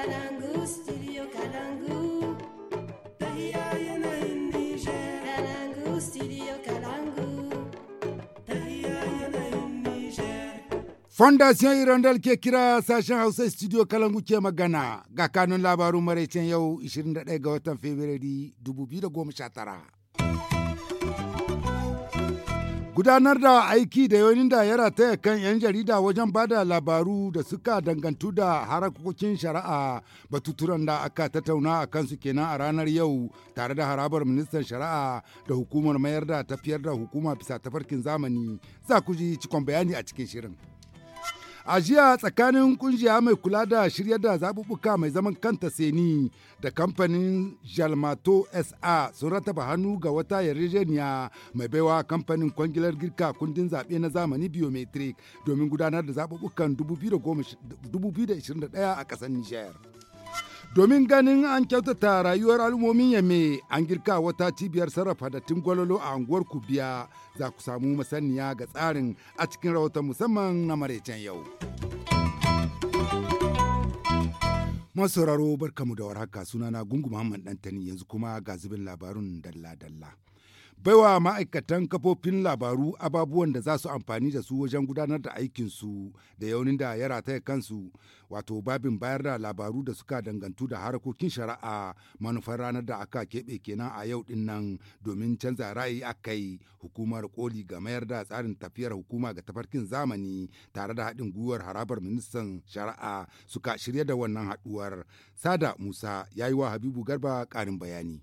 Kalangu, Hausa studio Kalangu. Gana, Fondation Hirondel ke kira sashen Hausa studio Kalangu ke magana ga kanun labarun maraicen yau 21 watan Fabrairu 2019. gudanar da aiki da yonin da ya rataya kan 'yan jarida wajen ba da labaru da suka dangantu da harakokin shari'a batuturan da aka tattauna a kansu kenan a ranar yau tare da harabar ministan shari'a da hukumar mayar da tafiyar da hukuma bisa tafarkin zamani za ku ji cikon bayani a cikin shirin. A jiya tsakanin kungiya mai kula da shirya da zaɓuɓɓuka mai zaman kanta Seni da kamfanin Jalmato SA sun rataba hannu ga wata yarjejeniya mai baiwa kamfanin kwangilar girka kundin zaɓe na zamani biometric domin gudanar da zaɓuɓɓukan 2021 a ƙasar niger. domin ganin an kyautata rayuwar al'ummomin yame an girka wata cibiyar sarrafa da gwalolo a unguwar kubiya za ku samu masaniya ga tsarin a cikin rahoton musamman na maraicen yau. masauraro barkamu da warhaka sunana gungu Muhammad Dantani yanzu kuma ga zubin labarun dalla-dalla. baiwa ma'aikatan kafofin labaru ababuwan da za su amfani da su wajen gudanar da aikinsu da yaunin da ya rataya kansu wato babin bayar da labaru da suka dangantu da harkokin shari'a manufar ranar da aka keɓe kenan a yau din nan domin canza ra'ayi a kai hukumar koli ga mayar da tsarin tafiyar hukuma ga tafarkin zamani tare da haɗin gwiwar harabar ministan shari'a suka shirya da wannan haɗuwar sada musa ya yi wa habibu garba ƙarin bayani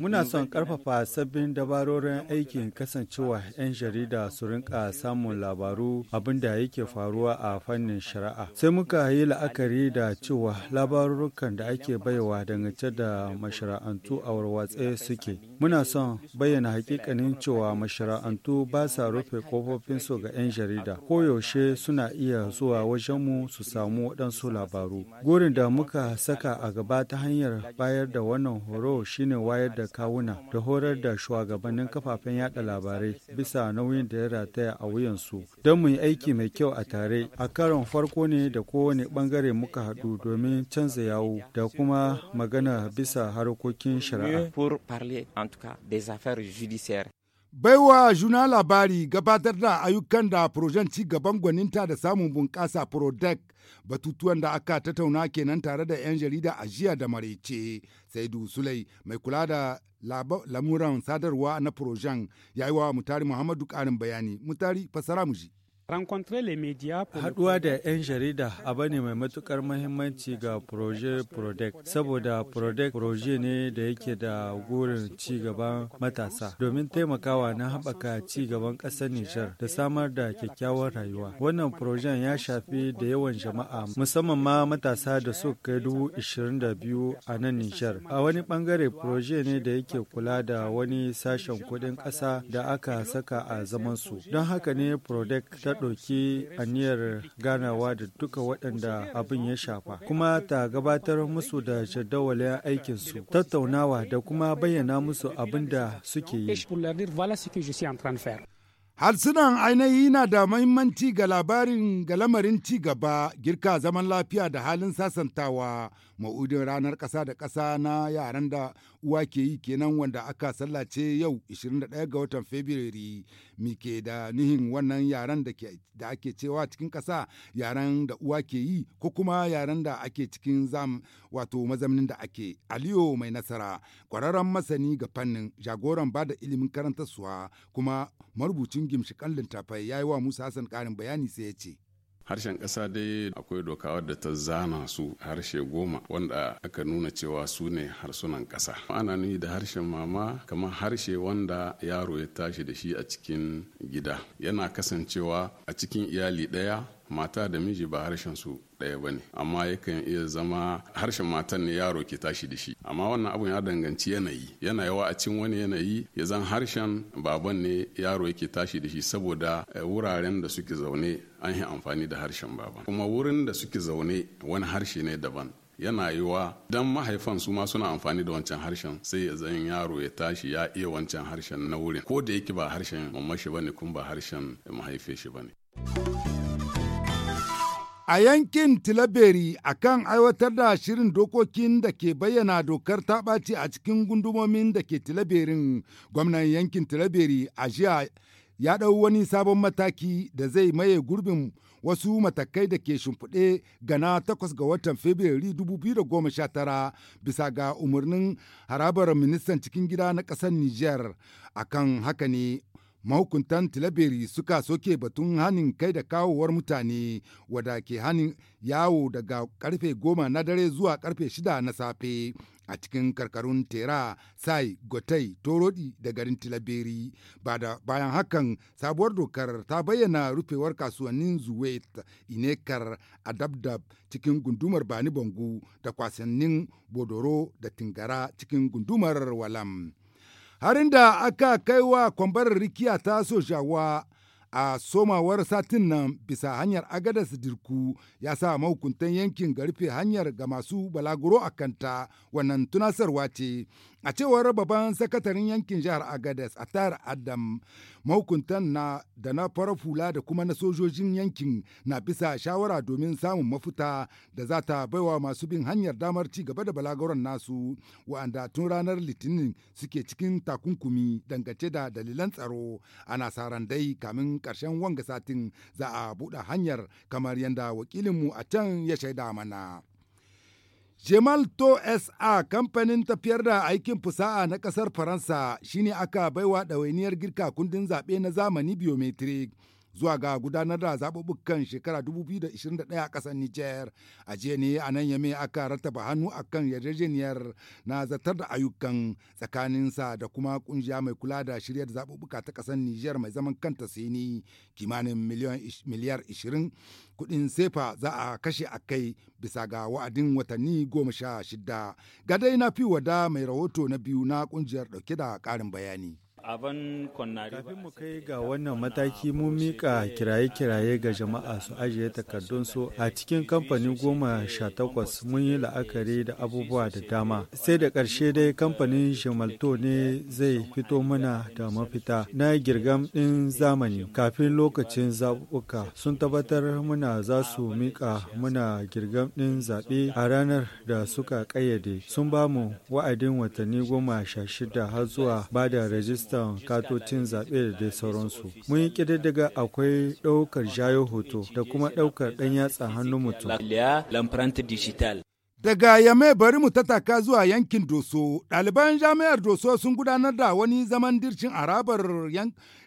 Muna son karfafa sabbin dabarorin aikin kasancewa 'yan jarida su rinka samun labaru abinda yake faruwa a fannin shari'a. Sai muka yi la'akari da cewa labarurukan da ake baiwa dangance da mashara'antu a warwatse suke. Muna son bayyana hakikanin cewa mashara'antu ba sa rufe kofofinsu ga 'yan jarida. Koyaushe suna iya zuwa wajenmu su samu waɗansu labaru. Gurin da muka saka a gaba ta hanyar bayar da wannan moro shine wayar da kawuna da horar da shugabannin kafafen yada labarai bisa nauyin da ya rataya a wuyansu don mu yi aiki mai kyau a tare a karon farko ne da kowane bangare muka haɗu domin canza yawo da kuma magana bisa harkokin shari'a Baiwa juna labari gabatar da ayyukan da projen ci gaban gwaninta da samun bunƙasa Prodec batutuwan da aka tattauna kenan tare da 'yan jarida a jiya da marece. Saidu Sulai mai kula da lamuran sadarwa na projen ya wa Mutari Muhammadu ƙarin bayani. Mutari fasara mu Haduwa da 'yan jarida abu ne mai matukar mahimmanci ga Proje project saboda project Proje ne da yake da gurin ci matasa domin taimakawa na haɓaka ci gaban ƙasar Nijar da samar da kyakkyawar rayuwa. Wannan Projen ya shafi da yawan jama'a musamman ma matasa da su kai dubu ishirin da biyu a nan Nijar. A wani bangare Proje ne da yake kula da wani sashen kuɗin ƙasa da aka saka a zaman su, Don haka ne Prodec ɗauki aniyar ganawa da duka waɗanda abin ya shafa kuma ta gabatar musu da jadawalin aikinsu tattaunawa da kuma bayyana musu abin da suke yi harsunan ainihi na da mahimmanci ga labarin ga lamarin ci gaba girka zaman lafiya da halin sasantawa ma'udin ranar ƙasa da ƙasa na yaran da uwa ke yi kenan wanda aka sallace yau 21 ga watan Fabrairu mi ke da nihin wannan yaran da ake cewa cikin ƙasa yaran da uwa ke yi ko kuma yaran da ake cikin zam wato mazamnin da ake Aliyo mai nasara kwararren masani ga fannin jagoran ba da ilimin suwa kuma marubucin gimshikan littafai ya yi wa Musa Hassan ƙarin bayani sai ya ce. harshen ƙasa dai akwai doka wadda ta zana su harshe goma wanda aka nuna cewa su ne harsunan ƙasa ana nuni da harshen mama kamar harshe wanda yaro ya tashi da shi a cikin gida yana kasancewa a cikin iyali ɗaya mata da miji ba harshen su ɗaya ba ne amma yakan iya zama harshen matan ne yaro ke tashi da shi amma wannan abun ya danganci yanayi yana yawa a cin wani yanayi ya zan harshen baban ne yaro yake tashi da shi saboda eh, wuraren da suke zaune an yi amfani da harshen baban kuma wurin da suke zaune wani harshe ne daban yana yiwa dan mahaifan su ma suna amfani da wancan harshen sai ya zan yaro ya tashi ya iya wancan harshen na wurin ko da yake ba harshen mamashi bane kuma ba harshen mahaife shi bane. A yankin Tilaberi a kan aiwatar da shirin dokokin da ke bayyana dokar ta ɓaci a cikin gundumomin da ke Tilaberin gwamnan yankin Tilaberi a jiya ya ɗau wani sabon mataki da zai maye gurbin wasu matakai da ke shimfiɗe gana takwas ga watan Fabrairu 2019 bisa ga umarnin harabar ministan cikin gida na ƙasar Nijar. Akan haka ne mahukuntan tilaberi suka soke batun hanin kai da kawowar mutane wada ke hanin yawo daga karfe goma na dare zuwa karfe shida na safe a cikin karkarun tera sai gotai torodi da garin ba da bayan hakan sabuwar dokar ta bayyana rufewar kasuwannin zuwait inekar a dabdab cikin gundumar bani bangu da kwasannin bodoro da tingara cikin gundumar walam. harin da aka kai wa kwambar rikiya ta sojawa a somawar satin nan bisa hanyar agadas dirku ya sa mahukuntan yankin garfe hanyar ga masu balaguro a kanta wannan tunasarwa ce A cewar babban sakataren yankin jihar Agadez a tayar Adam mahukuntan na da na farafula fula da kuma na sojojin yankin na bisa shawara domin samun mafuta da za ta baiwa masu bin hanyar damar ci gaba da balagoron nasu wa'anda tun ranar litinin suke cikin takunkumi dangance da dalilan tsaro ana saran dai kamin karshen wanga satin za a buɗe hanyar kamar yadda wakilinmu a can ya shaida mana. Jemal To SA kamfanin tafiyar da aikin fusa'a na kasar Faransa shine aka baiwa ɗawainiyar girka kundin zaɓe na zamani biometric. zuwa ga gudanar da zaɓuɓɓukan shekara 2021 a ƙasar Nijar. A jiya ne a nan Yame aka rattaba hannu a kan yarjejeniyar na zartar da ayyukan tsakaninsa da kuma ƙungiya mai kula da shirya da zaɓuɓɓuka ta ƙasar Nijar mai zaman kanta Sini kimanin miliyar 20 kuɗin sefa za a kashe a kai bisa ga wa'adin watanni goma sha shida. Gadai na fi wada mai rahoto na biyu na ƙungiyar ɗauke da ƙarin bayani. Kafin mu kai ga wannan mataki mun mika kiraye-kiraye ga jama'a su ajiye takardun su a cikin kamfani goma sha takwas mun yi la'akari da abubuwa da dama. Sai da ƙarshe dai kamfanin Shimalto ne zai fito mana da mafita na girgam ɗin zamani kafin lokacin zaɓuɓɓuka sun tabbatar muna za su mika muna girgam ɗin zaɓe a ranar da suka ƙayyade sun ba mu wa'adin watanni goma sha shida har zuwa ba da rajista rajistan katocin zaɓe da dai sauransu. Mun yi ƙididdiga akwai ɗaukar jayo hoto da kuma ɗaukar ɗan yatsa hannun mutum. Daga Yame bari mu tataka zuwa yankin Doso, ɗaliban jami'ar Doso sun gudanar da wani zaman dircin arabar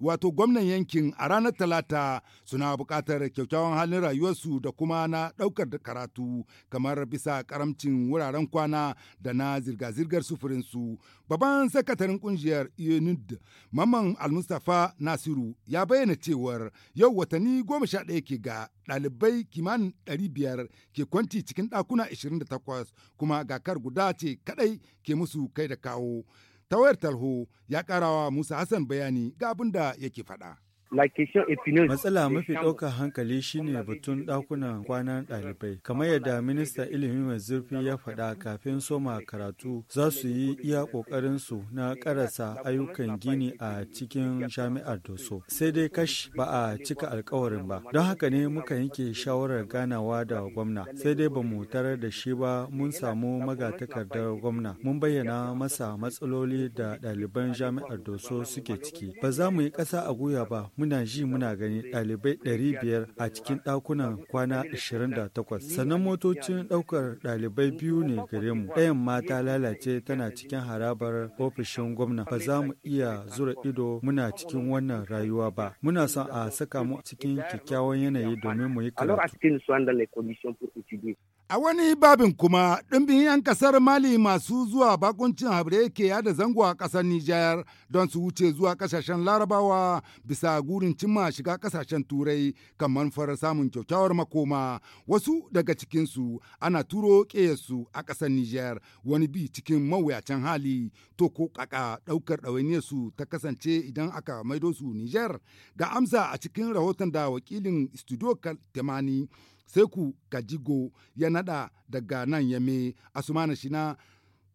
wato gwamnan yankin a ranar talata suna buƙatar kyakkyawan halin rayuwarsu da kuma na ɗaukar da karatu kamar bisa karamcin wuraren kwana da na zirga-zirgar sufurinsu. Babban sakataren ƙungiyar e UNID Maman Almustafa Nasiru ya bayyana cewar yau watanni goma sha ɗaya ke ga ɗalibai kimanin ɗari biyar ke kwanci cikin ɗakuna 28 kuma gakar guda ce kaɗai ke musu kai da kawo. Ta talho ya karawa Musa Hassan bayani ga abin da yake faɗa. Matsala mafi ɗaukar hankali shine batun ɗakunan kwanan ɗalibai. Kamar yadda minista ilimi mai zurfi ya faɗa kafin soma karatu za su yi iya ƙoƙarin su na ƙarasa ayyukan gini a cikin jami'ar Doso. Sai dai kash ba a cika alkawarin ba. Don haka ne muka yanke shawarar ganawa da gwamna. Sai dai ba mu tarar da shi ba mun samu magatakardar gwamna. Mun bayyana masa matsaloli da ɗaliban jami'ar Doso suke ciki. Ba za mu yi ƙasa a guya ba muna ji muna gani ɗalibai biyar a cikin ɗakunan kwana 28 sannan motocin ɗaukar ɗalibai biyu ne gare mu ɗayan mata lalace tana cikin harabar ofishin gwamna ba za mu iya zura ido muna cikin wannan rayuwa ba muna son a saka mu cikin kyakkyawan yanayi domin mu yi karatu A wani babin kuma ɗimbin 'yan ƙasar Mali masu zuwa bakuncin habre ke yada zango a ƙasar Nijar don su wuce zuwa ƙasashen Larabawa bisa gurin cimma shiga ƙasashen Turai kamar fara samun kyaukyawar makoma. Wasu daga cikinsu ana turo ƙeyarsu a ƙasar Nijar wani bi cikin mawuyacin hali to ko ƙaƙa ɗaukar ɗawainiyarsu ta kasance idan aka maido su Nijar. Ga amsa a cikin rahoton da wakilin Studio Temani sai Seku gajigo ya nada daga nan ya Yame, shi na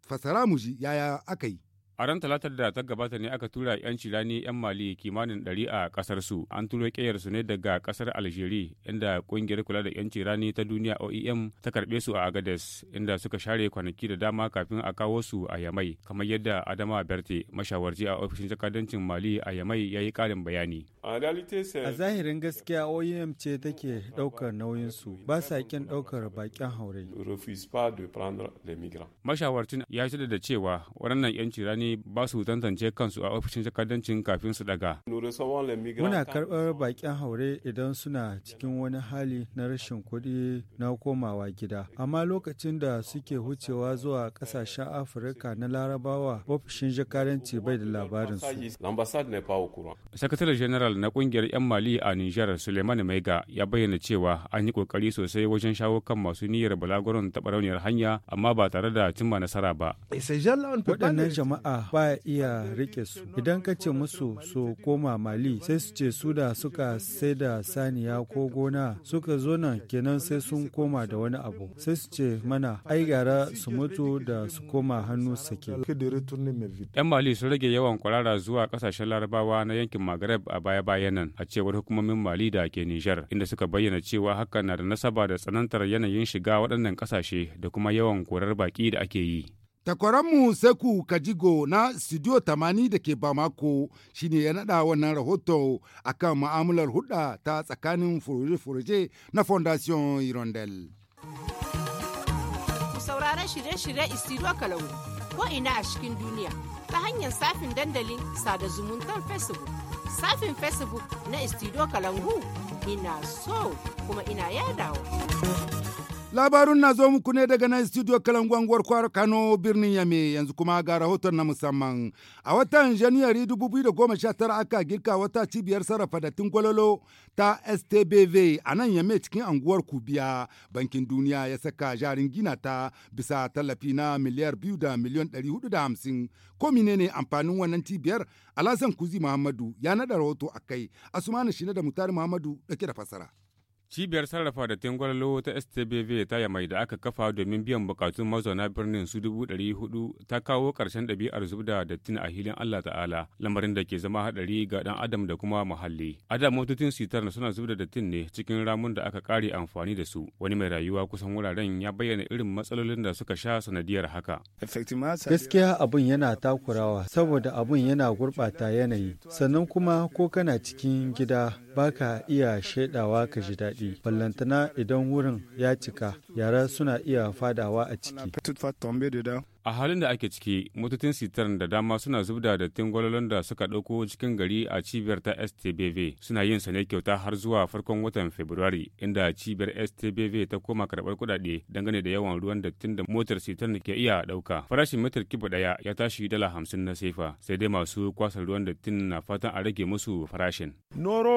fasara mu ji yaya aka yi. A ran talatar da ta gabata ne aka tura 'yan cirani 'yan Mali kimanin ɗari a kasar su. An turo su ne daga kasar Algeria inda ƙungiyar kula da 'yan cirani ta duniya OEM ta karbe su a Agades inda suka share kwanaki da dama kafin a kawo su a Yamai. Kamar yadda Adama Berte mashawarci a ofishin jakadancin Mali a Yamai ya yi ƙarin bayani. A zahirin gaskiya OEM ce take ɗaukar nauyin su ba sa ƙin ɗaukar baƙin haure. Mashawarcin ya shida da cewa waɗannan 'yan cirani ba su tantance kansu a ofishin jakadancin kafin su daga. Muna karɓar baƙin haure idan suna cikin wani hali na rashin kuɗi na komawa gida. Amma lokacin da suke hucewa zuwa ƙasashen Afirka na Larabawa ofishin jakadanci bai da labarin su. Sakatare General na ƙungiyar 'yan Mali a Nijar Suleiman Maiga ya bayyana cewa an yi ƙoƙari sosai wajen shawo kan masu niyyar balaguron taɓa rauniyar hanya amma ba tare da cimma nasara ba. Waɗannan jama'a jama'a ba iya rike su idan ka ce musu su koma mali sai su ce su da suka sai da saniya ko gona suka zo nan kenan sai sun koma da wani abu sai su ce mana ai gara su mutu da su koma hannu sake yan mali sun rage yawan kwarara zuwa kasashen larabawa na yankin maghreb a baya-bayan nan a cewar hukumomin mali da ke nijar inda suka bayyana cewa hakan na da nasaba da tsanantar yanayin shiga waɗannan ƙasashe da kuma yawan korar baƙi da ake yi Takwaranmu Seku Kajigo na Studio 80 da ke Bamako shi ne ya naɗa wannan rahoto a kan ma'amular hudda ta tsakanin furuje-furuje na Fondation Hirondelle. Sauraron shirye-shirye Istiro Kalau ko ina a cikin duniya ta hanyar safin dandalin sada zumuntar Facebook. Safin Facebook na Istiro Kalangu ina so kuma ina Labarun na zo muku ne daga nan studio kalangwangwar kwara Kano birnin Yame yanzu kuma ga rahoton na musamman. A watan Janairu 2019 aka girka wata cibiyar sarrafa da gwalolo ta STBV a nan Yame cikin anguwar Kubiya. Bankin Duniya ya saka jarin gina ta bisa tallafi na miliyar biyu da miliyon ɗari hudu da hamsin. Ko menene amfanin wannan cibiyar? Alhassan Kuzi Muhammadu ya naɗa rahoto a kai. Asumani Shine da Mutari Muhammadu ɗauke da fasara. Cibiyar sarrafa da Tengwalo ta STBV ta yamai da aka kafa domin biyan bukatun mazauna birnin su dubu ɗari hudu ta kawo ƙarshen ɗabi'ar zubda da dattin a hilin Allah Ta'ala, lamarin da ke zama haɗari ga ɗan Adam da kuma muhalli. Adam motocin sitar suna zub da dattin ne cikin ramun da aka ƙare amfani da su. Wani mai rayuwa kusan wuraren ya bayyana irin matsalolin da suka sha sanadiyar haka. Gaskiya abun yana takurawa saboda abun yana gurɓata yanayi, sannan kuma ko kana cikin gida baka iya shaidawa ka ji daɗi ballantana idan wurin ya cika yara suna iya fadawa a ciki a halin da ake ciki mututun sitar da dama suna zubda da tingwalolon da suka ɗauko cikin gari a cibiyar ta stbv suna yin sane kyauta har zuwa farkon watan february inda cibiyar stbv ta koma karɓar kuɗaɗe dangane da yawan ruwan dattin da motar sitar ke iya ɗauka farashin mitar kibu ɗaya ya tashi dala hamsin na sefa sai dai masu kwasar ruwan dattin na fatan a rage musu farashin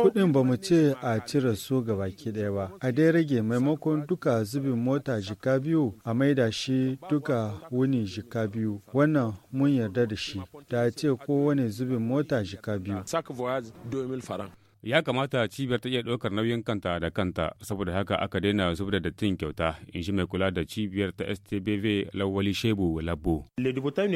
kuɗin ba mu ce a cire su baki ɗaya ba a dai rage maimakon duka zubin mota jika biyu a maida shi duka wuni jika biyu wannan mun yarda da shi da ce kowane zubin mota jika biyu ya kamata cibiyar ta iya ɗaukar nauyin kanta da kanta saboda haka aka daina zubar da dattin kyauta in shi mai kula da cibiyar ta stbv lawali shebu labo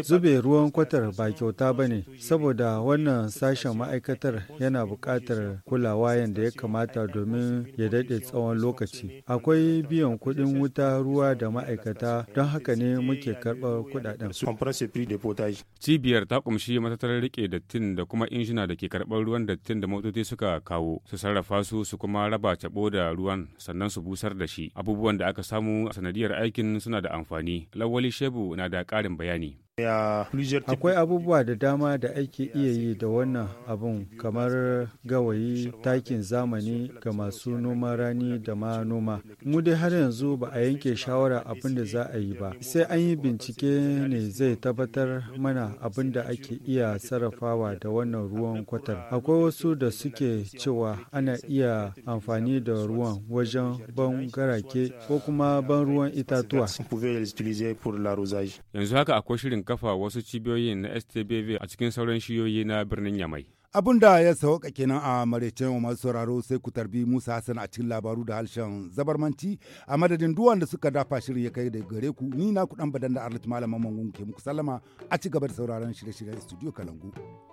zube ruwan kwatar ba kyauta ba ne saboda wannan sashen ma'aikatar yana buƙatar kulawa yadda ya kamata domin ya daɗe tsawon lokaci akwai biyan kuɗin wuta ruwa da ma'aikata don haka ne muke karɓar kuɗaɗen cibiyar ta ƙumshi matattarar riƙe dattin da kuma injina da ke karɓar ruwan dattin da motoci suka kawo su sarrafa su su kuma raba cabo da ruwan sannan su busar da shi abubuwan da aka samu a sanadiyar aikin suna da amfani lawali shebu na da ƙarin bayani Akwai abubuwa da dama da ake iya yi da wannan abun kamar gawayi, takin zamani ga masu noma rani da ma noma. Mu dai har yanzu ba a yanke shawara abin da za a yi ba. Sai an yi bincike ne zai tabbatar mana abin da ake iya sarrafawa da wannan ruwan kwatar. Akwai wasu da suke cewa ana iya amfani da ruwan wajen ban garake ko kuma ban ruwan itatuwa. Yanzu haka akwai shirin kafa wasu cibiyoyin na STBV a cikin sauran shiyoyi na birnin Yamai. Abin da ya sauka kenan a maraicen masu sauraro sai ku tarbi Musa Hassan a cikin labaru da harshen zabarmanci a madadin duwan da suka dafa shirin ya kai da gare ku ni na kudan badan da Arlit Malaman mungun ke muku sallama a ci gaba da sauraron shirye-shiryen Studio Kalangu.